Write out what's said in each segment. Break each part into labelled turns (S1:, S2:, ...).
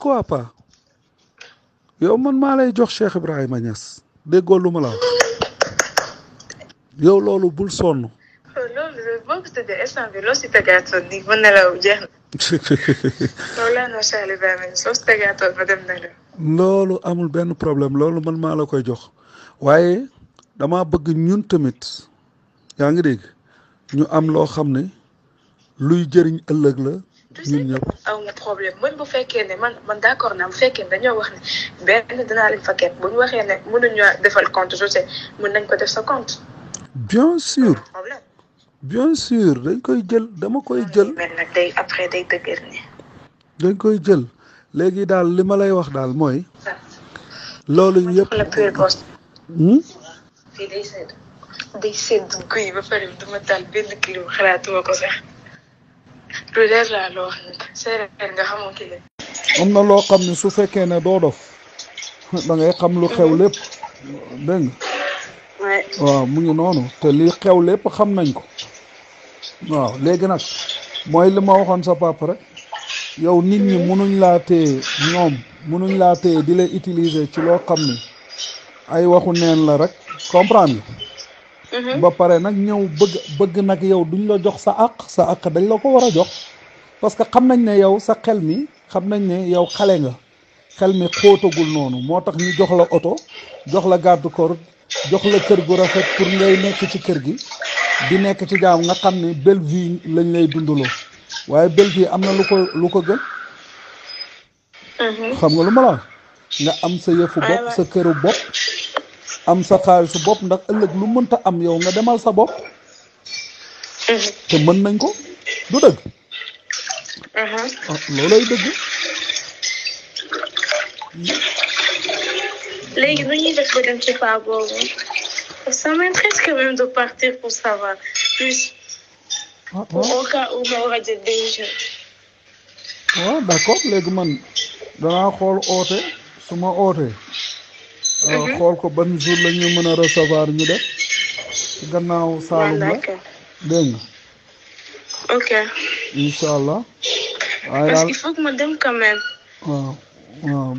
S1: pourquoi pas yow man maa lay jox Cheikh Ibrahima Niass ñas lu ma la yow loolu bul sonn. loolu amul benn problème loolu man maa la koy jox waaye dama bëgg ñun tamit yaa ngi dégg ñu am loo xam ne luy jëriñ ëllëg la. tu aw ma problème man bu fekkee ne man man d'accord naa bu fekkee ne dañoo wax ne benn dinaa leen faket bu ñu waxee ne mënuñu defal compte je sais mën nañ ko def sa compte. bien sûr. bien suur dañ koy jël dama koy jël. nag day après day dëgër ni koy jël léegi daal li ma lay wax daal mooy. loolu yëpp hmm? fii day sedd day sedd guy ba pare duma taal benn kilo xalaatuma ko sax. lu leer laa loo séeréer na loo xam ne su fekkee ne doo dof da ngay xam lu xew lépp dégg nga. waaw mu ngi noonu te lii xew lépp xam nañ ko waaw léegi nag mooy li ma waxoon sa papa rek yow nit ñi munuñ laa téye ñoom munuñ laa téye di la utiliser ci loo xam ni ay waxu neen la rek comprend nga Mhm. ba pare nag ñëw bëgg bëgg nag yow duñ la jox sa àq sa àq dañ la ko war a jox parce que xam nañ ne yow sa xel mi xam nañ ne yow xale nga xel mi xóotagul noonu moo tax ñu jox la oto jox la gàddu corps jox la kër gu rafet pour ngay nekk ci kër gi di nekk ci jaam nga xam ne belle vie lañ lay dundaloo waaye belle vie am na lu ko lu ko gën mhm. xam nga lu ma la nga am sa yëfu bopp sa këru bopp am sa su bopp ndax ëllëg lu mënta am yow nga demal sa bopp mm-hmm. te mën nañ ko du dëgg mm-hmm. ah, loolay dëgg léegi nu ñuy def ba dem ci pas boobu ça m'intéresse quand même de partir pour savoir plus ah, ah. au cas où ma war a jël déjà waaw d'accord léegi man danaa xool oote su ma ootee Euh, mhm. xool ko ban jour la ñu mën a recevoir ñu def ci gannaaw saalum la dégg nga parce que faut ma dem quand même waaw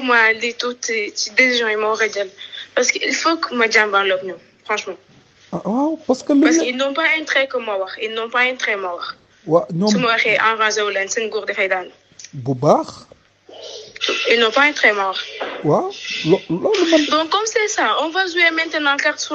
S1: mm, li tuuti ci décision yi ma war a jël parce que il faut que ma jàmbaarloog ñoom franchement ah, parce que parce que ils n'ont pas intérêt que ma wax ils n'ont pas intérêt ma wax waaw ñoom ma waxee enrangé wu leen seen góor dafay daanu bu baax ils n'ont pas été morts. waaw lo loolu man. donc comme c'est ça on va jouer maintenant carte sur